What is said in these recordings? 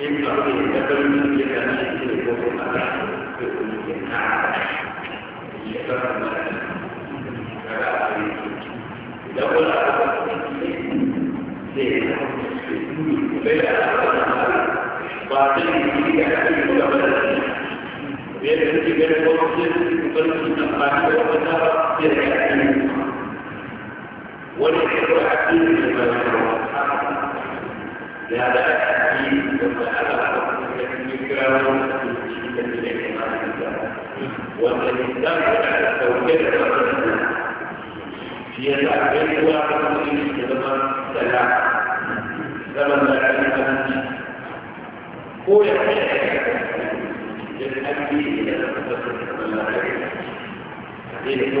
ابن عمر يتبع من جهة من يكون أحد في كل جهة يتبع من كذا لو لا بلا باطل في كلام المتبادل ويجب أن يكون مسلم يقلل من القاعدة وقدر في الحكم ولكن الحكم لما يكره لهذا والإنسان على توكيل ربنا هي تعبير واحد من زمن سلام زمن لا علم عنه هو يحتاج للأمن إلى تفكير الله عليه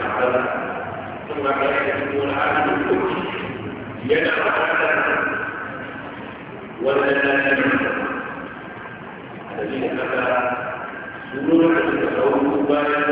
وسلم ثم يكون عبد الكفر يدعو عبدا والذين الذين كفروا سلوك التصوف بايع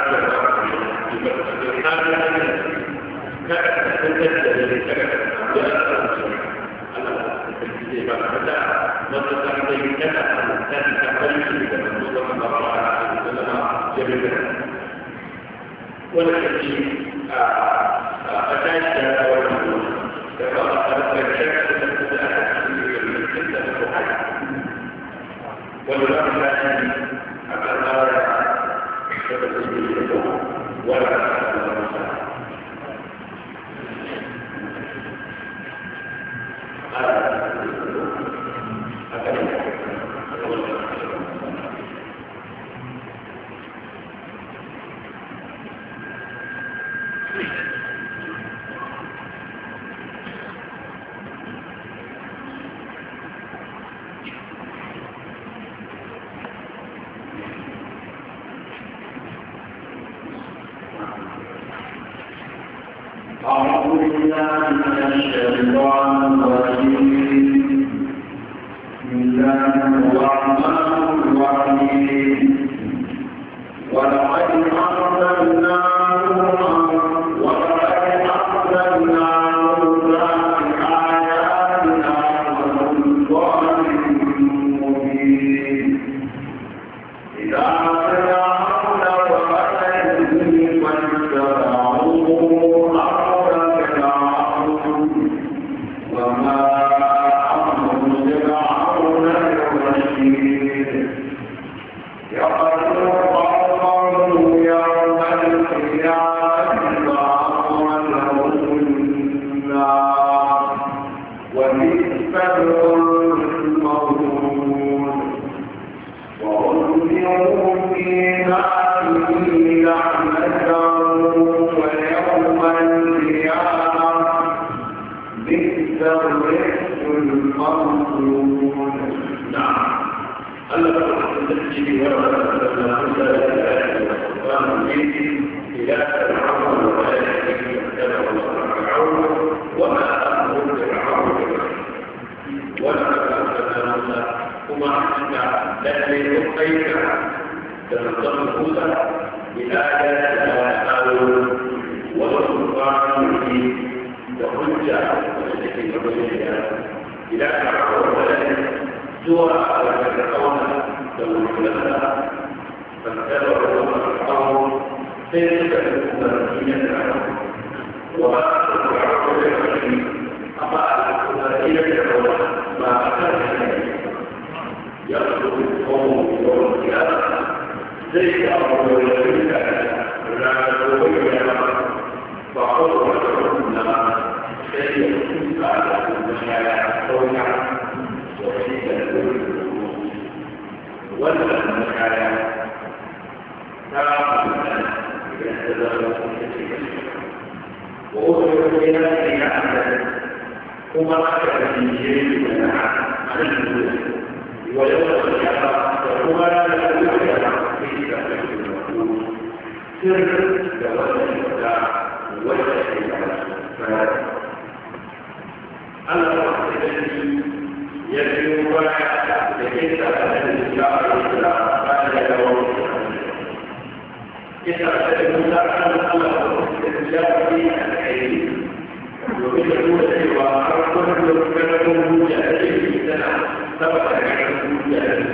نزلت عليه كذا هذه تعمل شركة الرسول صلى الله عليه وسلم جبلة ولكن أتاك ورسول فقال أردت الشك تكون أحد في المسجد ولكن mirar وكما يكون جاهل سبق أن يكون جاهل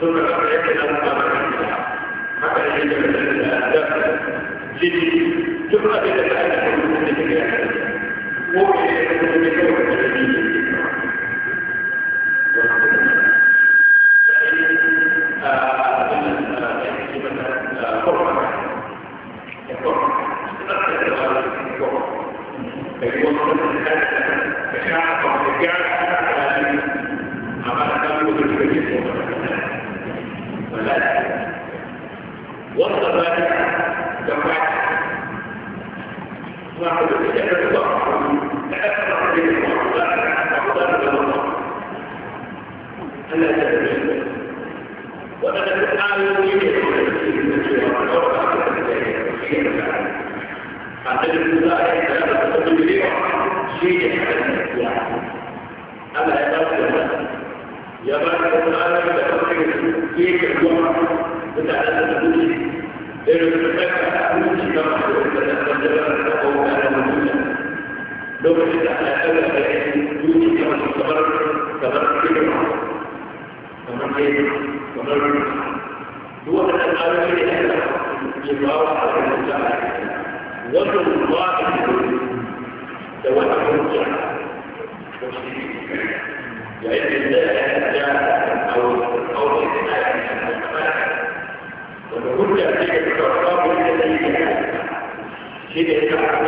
ثم فرجت الأمر حتى يجد من الأهداف جدي ثم بدأ الأهداف من الأهداف وهو يجب أن يكون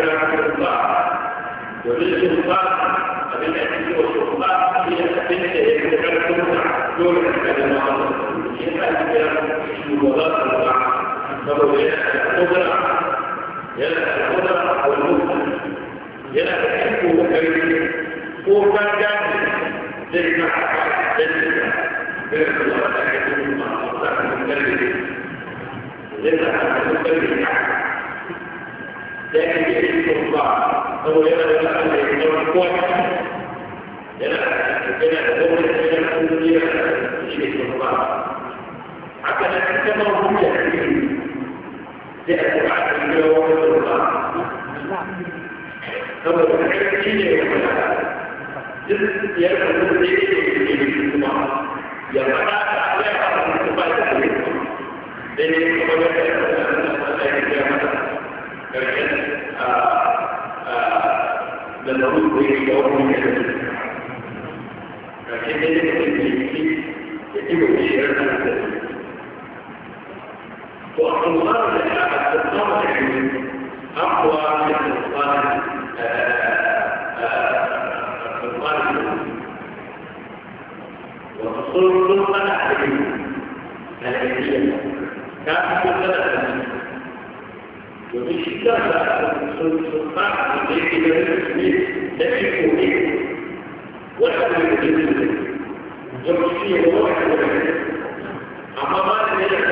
ولا عمل الله وبالشرطة قبل أن تجيب الشرطة هي أسئلة يتكلم عنها دون أسئلة الله هي أسئلة مضادة للمعنى فهو يلعب القدرة يلعب القدرة أو المسلم يلعب الحب والكريم هو كان جاهز للمعرفة للمعرفة بإذن الله تعالى يكون الله تعالى مكلف للمعرفة مكلف لكن يجب القرآن هو يرى الآن يجب القوة يرى الجنة دولة الجنة الأولية يجب القرآن حتى لا تكتبه هم يحكيه جاءت بعد الجنة وقت القرآن هو يحكيه يجب القرآن جزء يرى الأولية يجب القرآن يرى الآن يجب القرآن لأنه يجب القرآن da da wani bai da wani da da da ke da da da da da da da shi ran da to a kan da a da da da أقوى من القرآن القرآن وتصور كل ما نحتاجه هذه هي كافة ثلاثة domin shi za a sun ba a da yake da rikici ne da iko ne wata ne da rikici ne don shi ne wata ne amma ba da ne da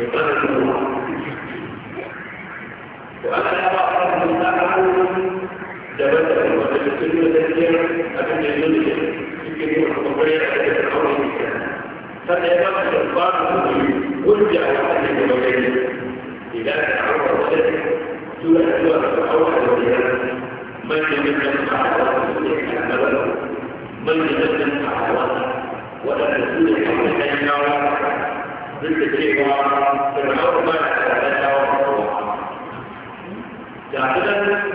بقدر الله وأنا أرى أن المتعلم جبلة وتبتل وتبتل أبن يزوجه يمكن أن تطبيع هذا الأمر فالإمام الشيطان يرجع وحده وبينه إذا تعرض ذلك سورة سورة أول الزيادة من يمكن أعراض من يمكن أعراض ولا تسوء حتى ينعرض duk da cewa fir'auna na da rashawa da kuma. Da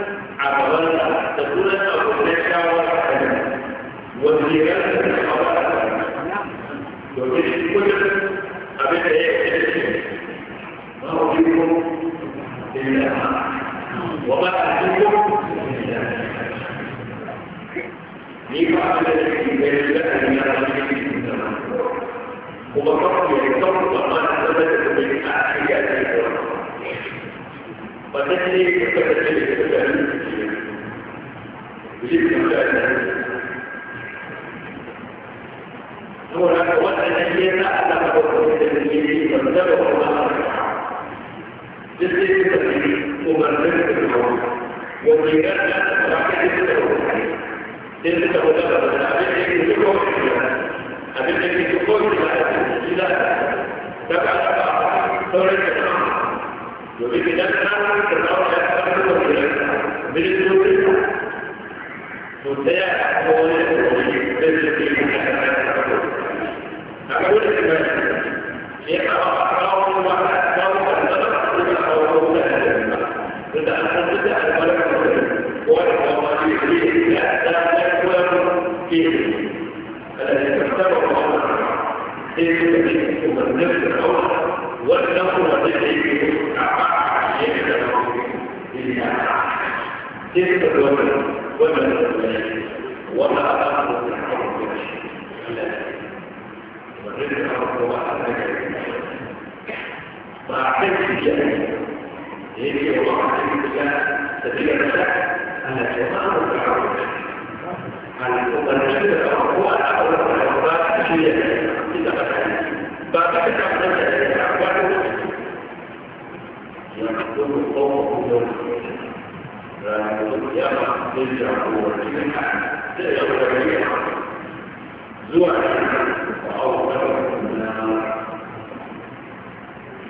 saboda wani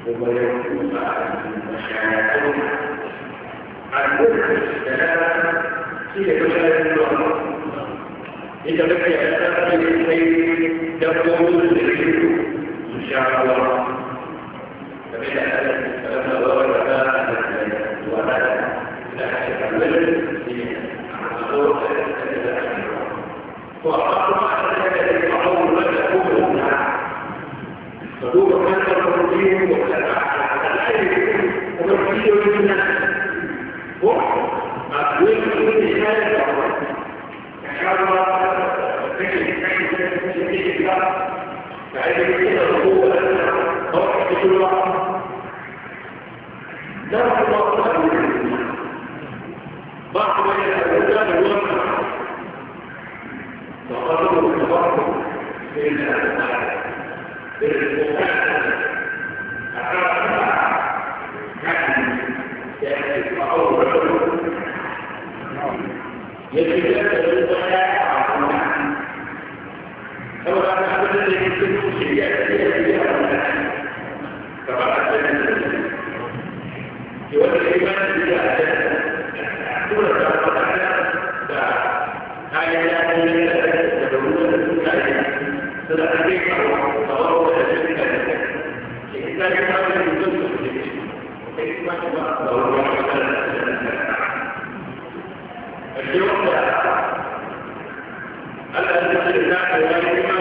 ويكون معهم مشاعرهم عن وجه السلام هي مشاعر الله إذا بقي السلام للخير يقول الخير إن شاء الله فبإذا أتت السلام ورد وبدا لا تكمل هي وقال ألا تشرك ذلك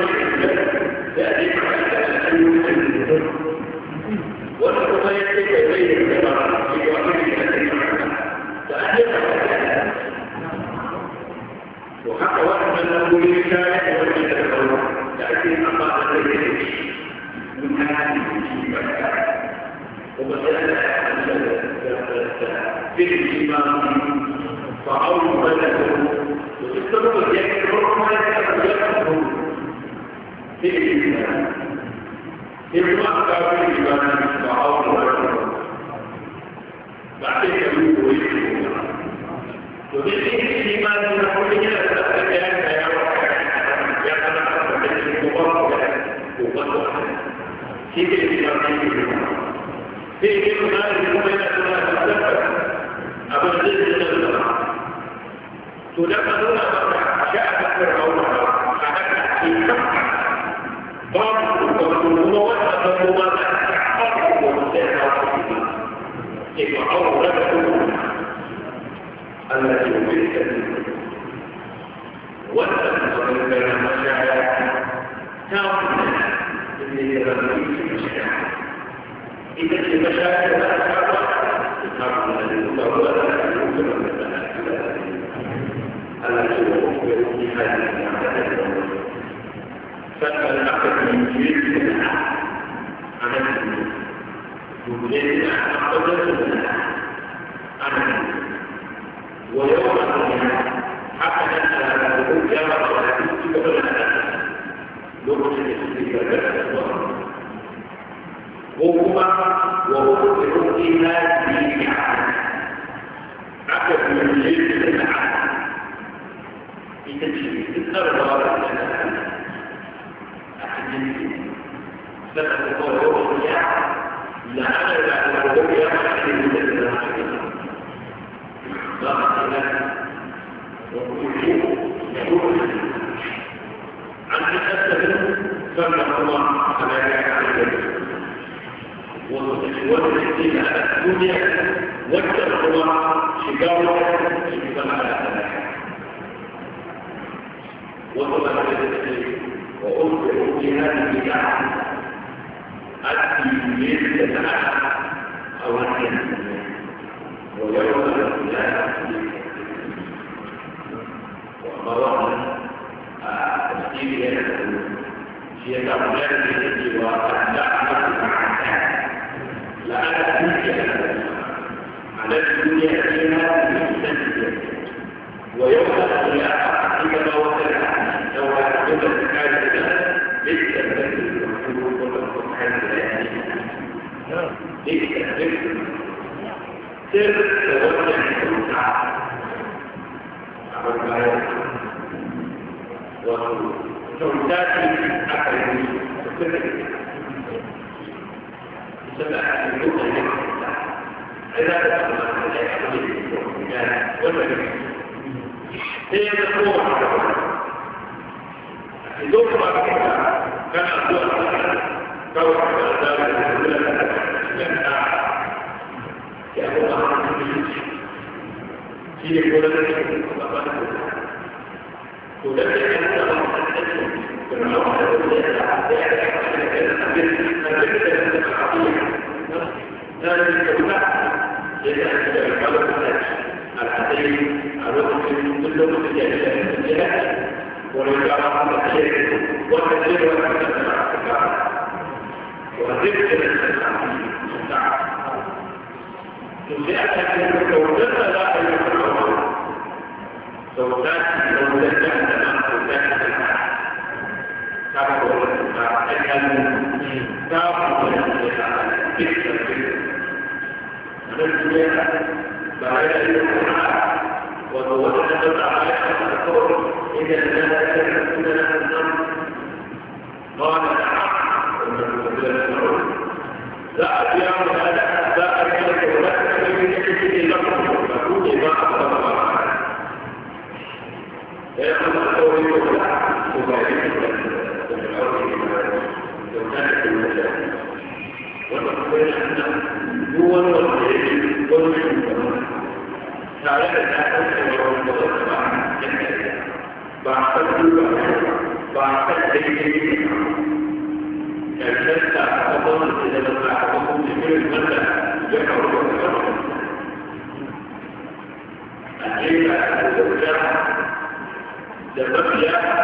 Kemudian kita akan berjalan ke sana. Amin. Wajah wato kyauta ce a karbi da kuma saboda a cikin mutane ai za ka samu masu da ya abu da ya wanda da sai ya zama kowa a idan kuma ka kuma kana zuwa kawai ka zama da zuwa da cikin ta ya kuma hankali shi ne kuma da shi kuma ba da kuma to da الذكر والذكر والذكر لأن Yeah.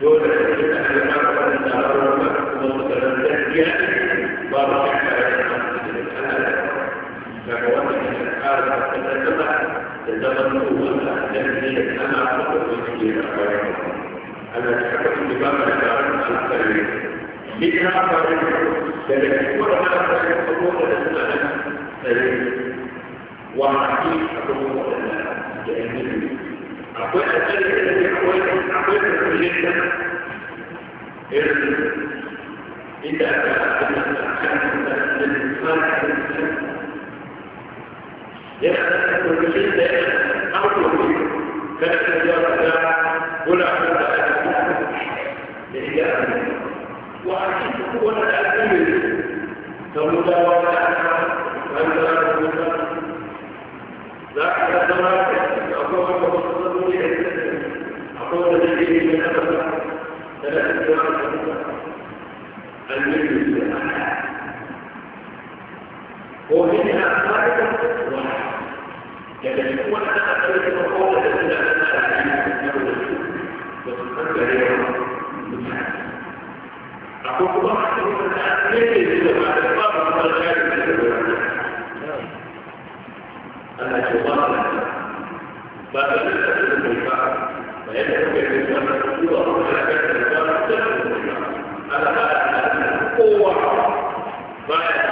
دول الأهل الأربعة الأربعة ومترددية بارك فكوانت الأفعال حتى تتبع تتبع الأولى التي أنا أعتقد به الأفعال أنا أتحكم بما أعلم عن التاريخ منها أفعال ذلك ولا أفعال الأمور التي أنا أعلم وعن حقيقة الأمور التي أعلم جدا إذا كانت الأحكام الإنسان يختلف بشدة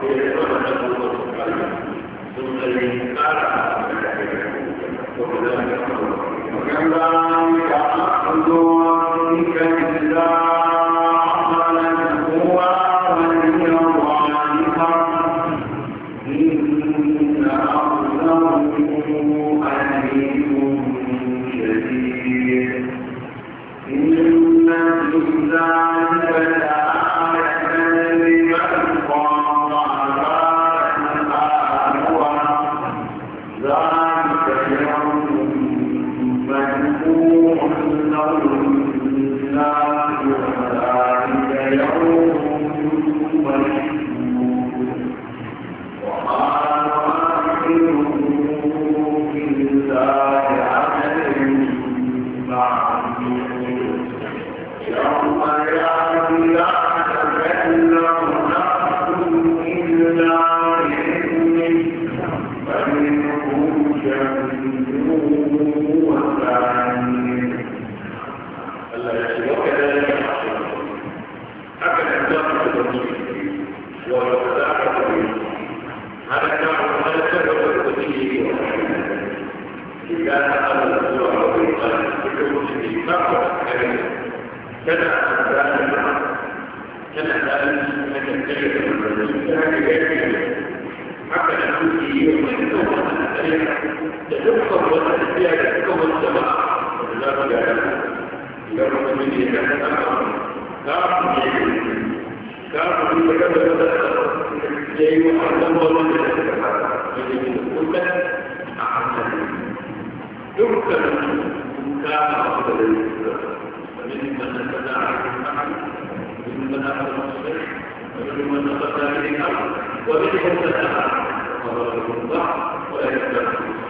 Thank you. wata tafiya da suka wani jama'a da za su gada idan mutum ne ya kasa a kafin ya yi kafin ya kasa da ya yi wa Allah wani da suka kasa da ya yi kuka a hankali dukkan kuka a kuka da ya kuka ومن من نفذ عنه الأحد ومن من أخذ المصير ومن من نفذ عليه الأرض ومن من نفذ عنه ومن من نفذ ولا يفذ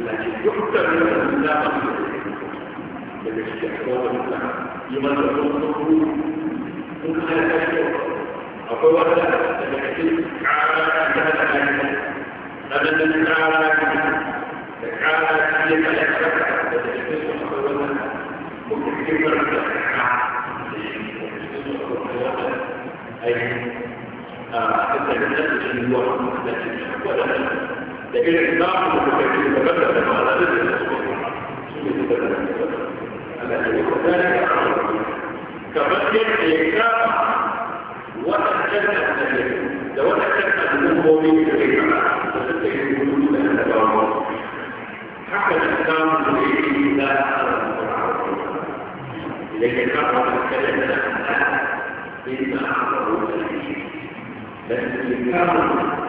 لكن يحتر من الإسلام لكي يحتوى الإسلام لمن يقول ممكن أن يحتوى أقول لا تكتب على أهل أبدا على تعالى كيف لك تكتب أقول لا ممكن كيف لك أي أتكلم في الوقت لكن ولا da irin namu da kuka yi da bada da ma'ana da da su ne da da Allah ya yi kuka da kamar yadda ya kama waɗancan da da waɗancan al'ummomi da ke kama da suka yi gudu da da dawo haka da samu da ya yi da da ke kama da kalan da da da da da da da da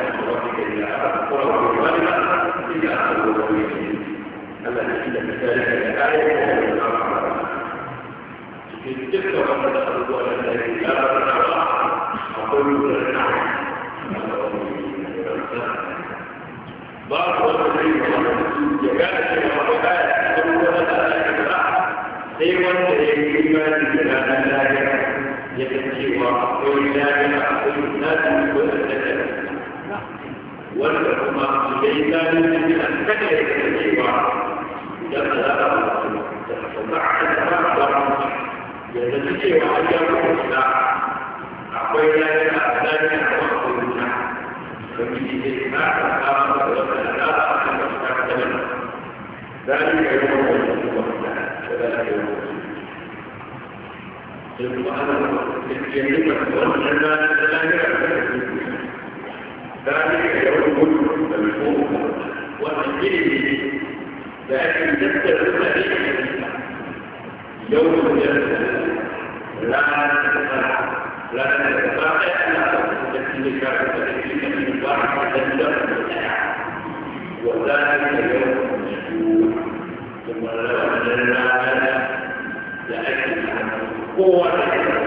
أما نحل بذلك الآية من الأرض في الجبل وقد أخذوا أن الذي لا تنعى أقول تنعى بعض الذين يجعل في الحركات ثم لا يجعل سيما يجب أن لا يجعل يتسيوا وإلا wanda kuma idan ya gani da yana kada ya kada cewa idan ka zaɓa da kuma a da ba a ba ya zaci cewa an ya kuma shiga akwai rayuwa a zai a kuma kuma da miji zai na a kama da wata da za a kuma shiga da wata ذلك يوم القيامة وذلك يوم القيامة يقول أنا يملك الظلم لنا لا يعلم ذلك يوم المشهور والمسير لكن تبدأ يوم الجنة لا تتفاعل لا تتفاعل وذلك يوم المشهور ثم لو أن لا لأجل قوة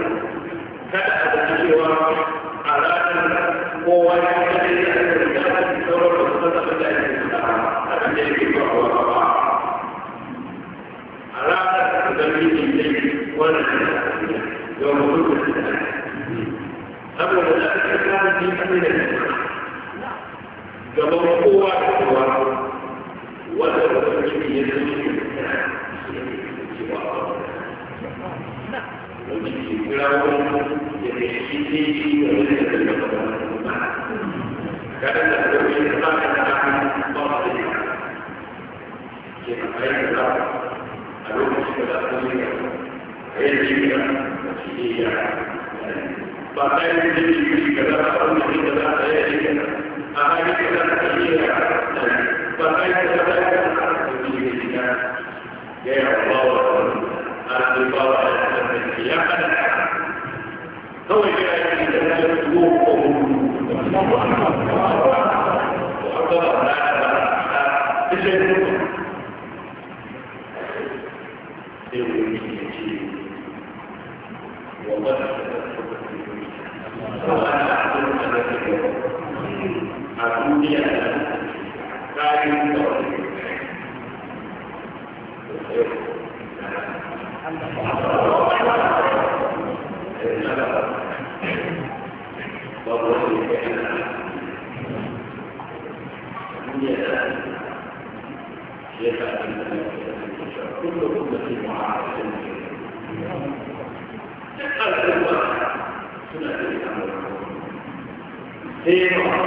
ìbéèrè.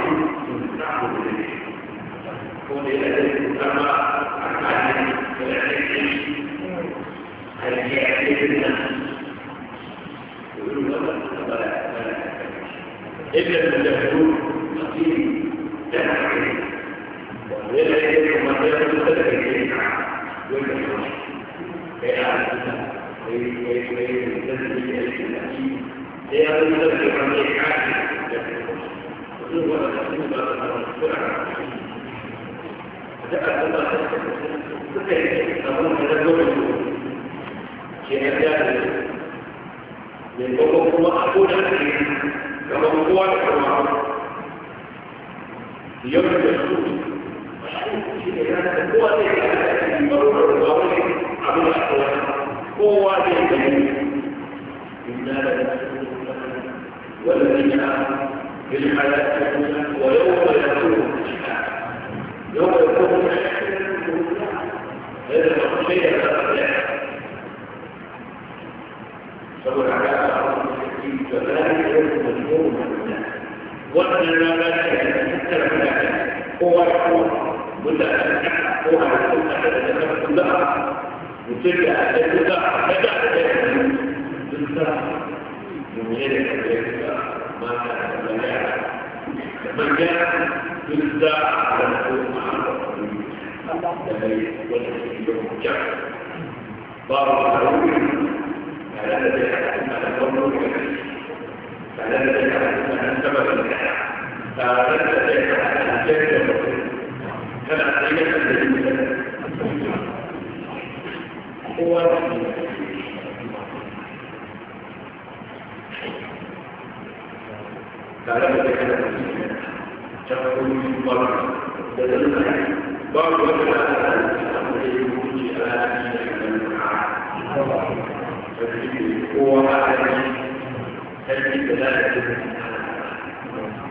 التعاون ولا هو كلها وتبدا تبدا بدا تبدا من غير ما كان من جاء تبدا على بارك الله فيك على ذلك على قولك على ذلك على سبب الحياه فعلى ذلك على الجنه هو تعلمت كلام تقول من بره بدل بره هو عالمي تجد ثلاثة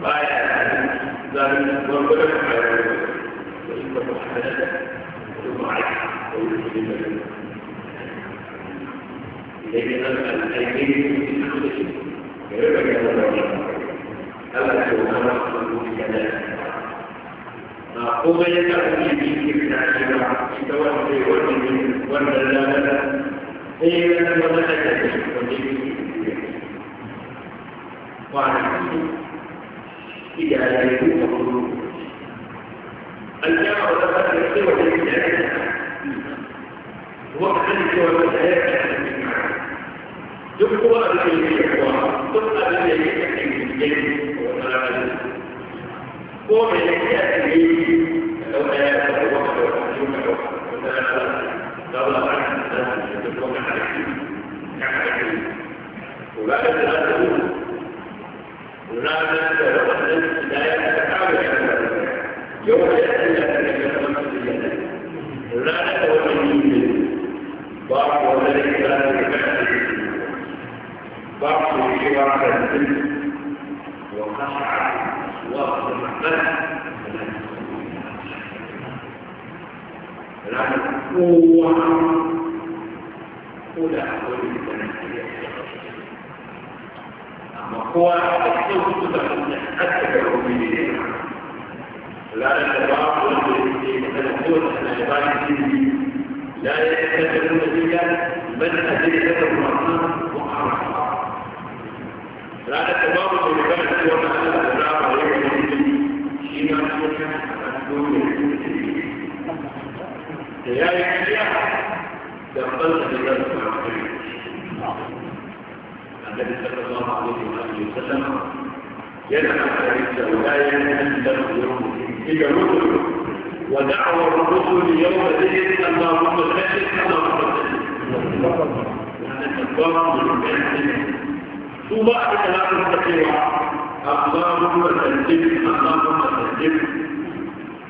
بعد ذلك ضربة وإنه حدث ومعك ويجب لنا لكن أنا الأيدين في الخلق غير كما نعلم ألا تؤمن بالكلام ما قوم يتعلم به في العشرة يتوفي والمن والملامة إلى أن ملكته وجبه وعن إذا لا يكون الجامعة ولا بد من قوة هو كذلك هو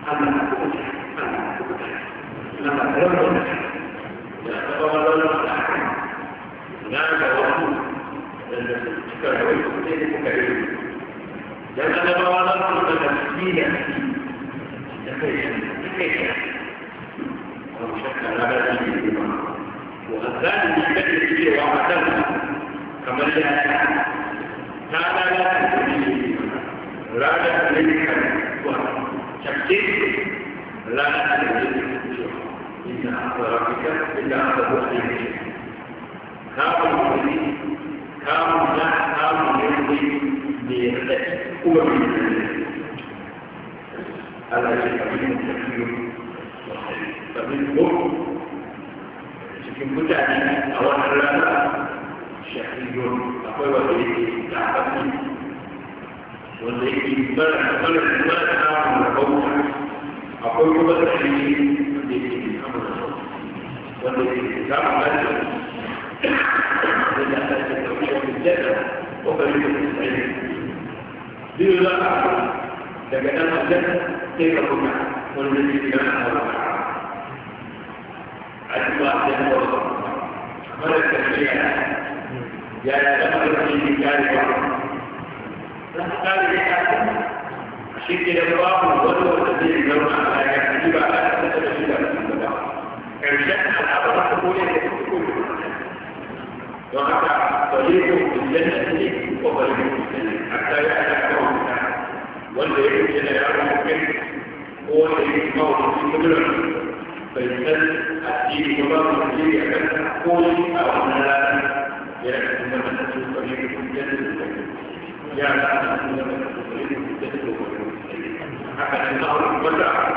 a la وحتى طريقه في الجنة وطريقه في الجنة حتى يأتي أكثرهم والذي يمكن أن يعرف ممكن هو الذي يتمول في مدرسة فيسأل أتي مدرسة الذي أكثر قول أو لا يعني أن تكون طريقه في الجنة يعني أن تكون طريقه في الجنة حتى أنه المدرسة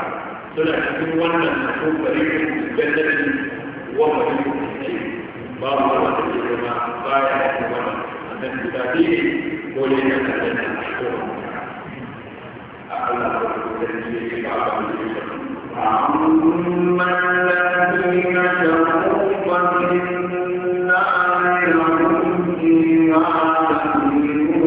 سنة تكون طريقه في الجنة وطريقه bahawa ada diterima baik dan kuat dan kita diri boleh kata dan syukur Allah berkata dan diri kita akan berkata Allahumma lakimah syukur wa minna ilahum ilahum